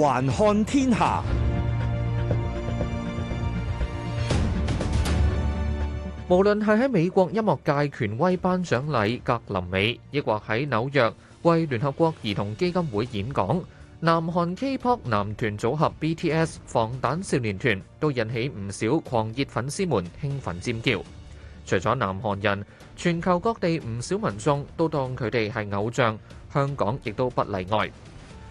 環看天下，無論係喺美國音樂界權威頒獎禮格林美，亦或喺紐約為聯合國兒童基金會演講，南韓 K-pop 男團組合 BTS 防彈少年團都引起唔少狂熱粉絲們興奮尖叫。除咗南韓人，全球各地唔少民眾都當佢哋係偶像，香港亦都不例外。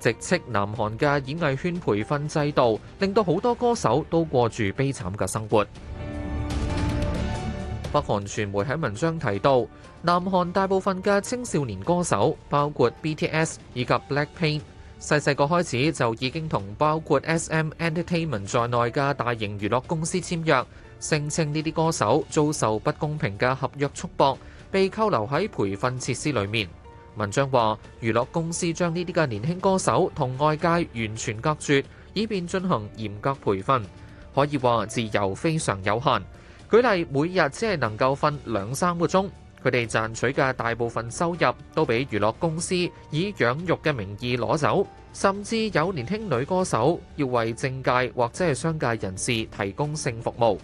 直斥南韓嘅演藝圈培訓制度，令到好多歌手都過住悲慘嘅生活。 北韓傳媒喺文章提到，南韓大部分嘅青少年歌手，包括 BTS 以及 Blackpink，細細個開始就已經同包括 SM Entertainment 在內嘅大型娛樂公司簽約，聲稱呢啲歌手遭受不公平嘅合約束縛，被扣留喺培訓設施裏面。文章話，娛樂公司將呢啲嘅年輕歌手同外界完全隔絕，以便進行嚴格培訓。可以話自由非常有限。舉例，每日只係能夠瞓兩三個鐘。佢哋賺取嘅大部分收入都俾娛樂公司以養育嘅名義攞走。甚至有年輕女歌手要為政界或者係商界人士提供性服務。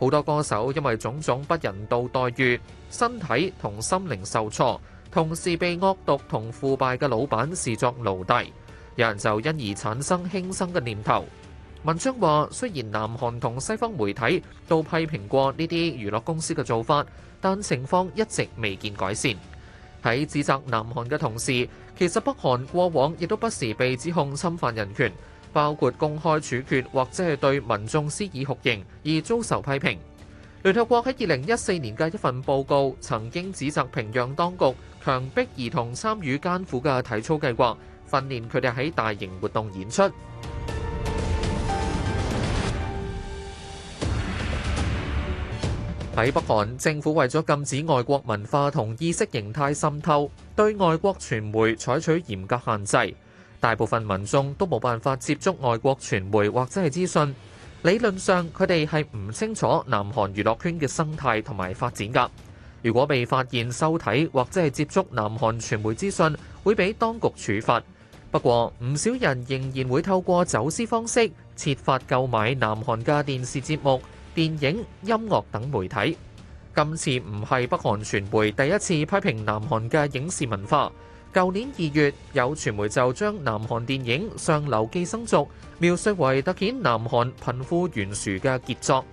好多歌手因為種種不人道待遇，身體同心靈受挫。同時被惡毒同腐敗嘅老闆視作奴隸，有人就因而產生輕生嘅念頭。文章話：雖然南韓同西方媒體都批評過呢啲娛樂公司嘅做法，但情況一直未見改善。喺指責南韓嘅同時，其實北韓過往亦都不時被指控侵犯人權，包括公開處決或者係對民眾施以酷刑，而遭受批評。聯合國喺二零一四年嘅一份報告曾經指責平壤當局強迫兒童參與艱苦嘅體操計劃，訓練佢哋喺大型活動演出。喺北韓，政府為咗禁止外國文化同意識形態滲透，對外國傳媒採取嚴格限制，大部分民眾都冇辦法接觸外國傳媒或者係資訊。理論上，佢哋係唔清楚南韓娛樂圈嘅生態同埋發展㗎。如果被發現收睇或者係接觸南韓傳媒資訊，會俾當局處罰。不過，唔少人仍然會透過走私方式設法購買南韓嘅電視節目、電影、音樂等媒體。今次唔係北韓傳媒第一次批評南韓嘅影視文化。舊年二月，有傳媒就將南韓電影《上流寄生族》描述為突顯南韓貧富懸殊嘅傑作。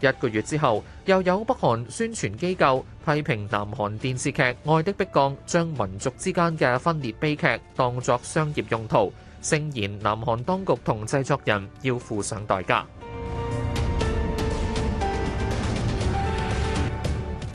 一個月之後，又有北韓宣傳機構批評南韓電視劇《愛的迫降》，將民族之間嘅分裂悲劇當作商業用途，聲言南韓當局同製作人要付上代價。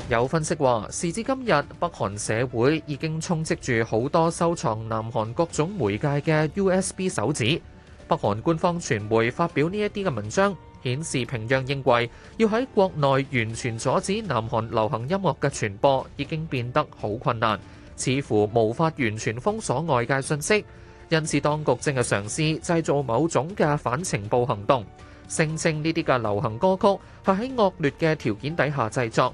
有分析話，時至今日，北韓社會已經充斥住好多收藏南韓各種媒介嘅 USB 手指。北韓官方傳媒發表呢一啲嘅文章，顯示平壤認為要喺國內完全阻止南韓流行音樂嘅傳播已經變得好困難，似乎無法完全封鎖外界信息。因此，當局正係嘗試製造某種嘅反情報行動，聲稱呢啲嘅流行歌曲係喺惡劣嘅條件底下製作。